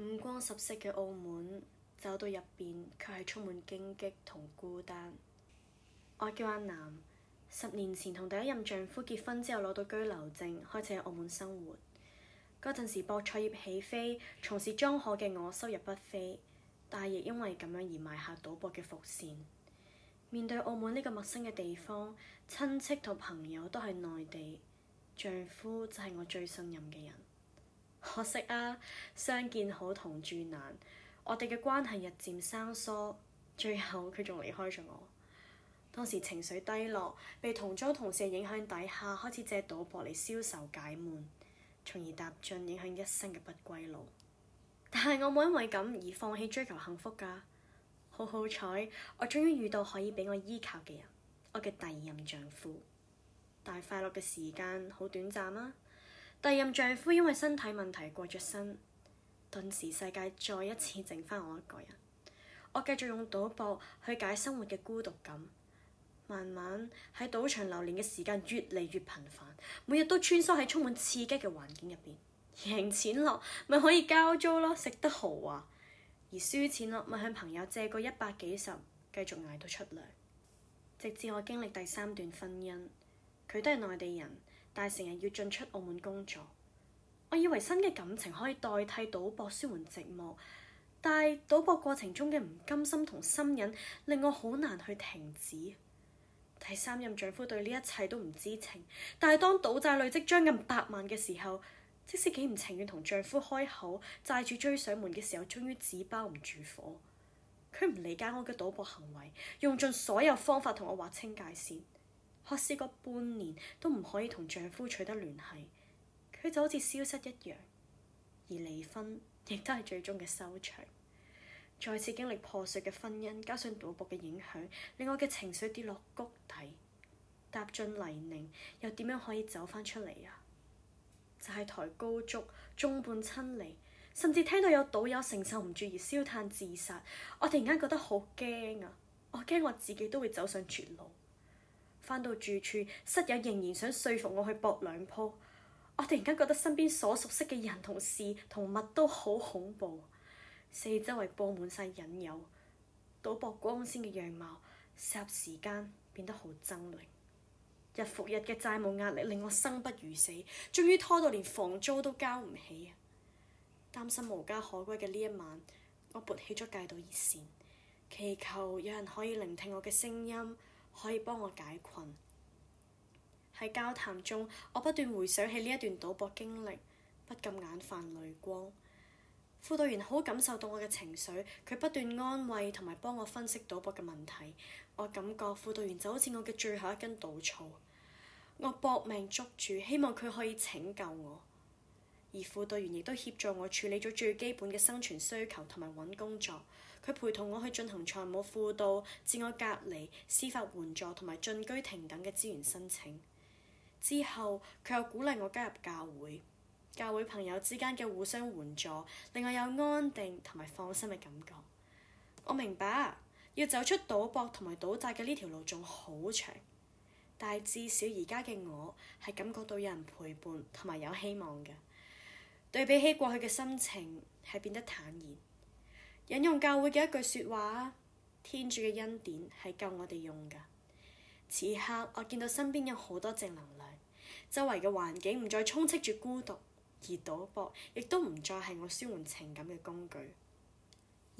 五光十色嘅澳門，走到入邊卻係充滿荊棘同孤單。我叫阿南，十年前同第一任丈夫結婚之後攞到居留證，開始喺澳門生活。嗰陣時博彩業起飛，從事莊荷嘅我收入不菲，但係亦因為咁樣而埋下賭博嘅伏線。面對澳門呢個陌生嘅地方，親戚同朋友都係內地，丈夫就係我最信任嘅人。可惜啊，相見好同住難，我哋嘅關係日漸生疏，最後佢仲離開咗我。當時情緒低落，被同租同事影響底下，開始借賭博嚟消愁解悶，從而踏進影響一生嘅不歸路。但係我冇因為咁而放棄追求幸福㗎。好好彩，我終於遇到可以俾我依靠嘅人，我嘅第二任丈夫。但係快樂嘅時間好短暫啊！第二任丈夫因為身體問題過咗身，頓時世界再一次剩返我一個人。我繼續用賭博去解生活嘅孤獨感，慢慢喺賭場流連嘅時間越嚟越頻繁，每日都穿梭喺充滿刺激嘅環境入邊。贏錢咯，咪可以交租咯，食得豪華；而輸錢咯，咪向朋友借過一百幾十，繼續捱到出糧。直至我經歷第三段婚姻，佢都係內地人。但係成日要進出澳門工作，我以為新嘅感情可以代替賭博舒緩寂寞，但係賭博過程中嘅唔甘心同心癮，令我好難去停止。第三任丈夫對呢一切都唔知情，但係當賭債累積將近百萬嘅時候，即使幾唔情願同丈夫開口，債主追上門嘅時候，終於紙包唔住火。佢唔理解我嘅賭博行為，用盡所有方法同我劃清界線。可是個半年都唔可以同丈夫取得聯繫，佢就好似消失一樣，而離婚亦都係最終嘅收場。再次經歷破碎嘅婚姻，加上賭博嘅影響，令我嘅情緒跌落谷底，踏進黎濘，又點樣可以走翻出嚟啊？就係、是、抬高足，眾叛親離，甚至聽到有賭友承受唔住而燒炭自殺，我突然間覺得好驚啊！我驚我自己都會走上絕路。翻到住處，室友仍然想說服我去搏兩鋪。我突然間覺得身邊所熟悉嘅人、同事、同物都好恐怖，四周圍布滿晒引誘，賭博光鮮嘅樣貌霎時間變得好猙獰。日復日嘅債務壓力令我生不如死，終於拖到連房租都交唔起。擔心無家可歸嘅呢一晚，我撥起咗戒賭熱線，祈求有人可以聆聽我嘅聲音，可以幫我解困。喺交談中，我不斷回想起呢一段賭博經歷，不禁眼泛淚光。輔導員好感受到我嘅情緒，佢不斷安慰同埋幫我分析賭博嘅問題。我感覺輔導員就好似我嘅最後一根稻草，我搏命捉住，希望佢可以拯救我。而輔導員亦都協助我處理咗最基本嘅生存需求同埋搵工作。佢陪同我去進行財務輔導、自我隔離、司法援助同埋進居停等嘅資源申請。之後佢又鼓勵我加入教會，教會朋友之間嘅互相援助令我有安定同埋放心嘅感覺。我明白要走出賭博同埋賭債嘅呢條路仲好長，但係至少而家嘅我係感覺到有人陪伴同埋有希望嘅。對比起過去嘅心情，係變得坦然。引用教會嘅一句說話：「天主嘅恩典係夠我哋用㗎。」此刻，我見到身邊有好多正能量，周圍嘅環境唔再充斥住孤獨，而賭博亦都唔再係我舒緩情感嘅工具。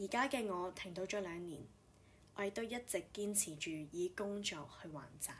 而家嘅我停到咗兩年，我亦都一直堅持住以工作去還債。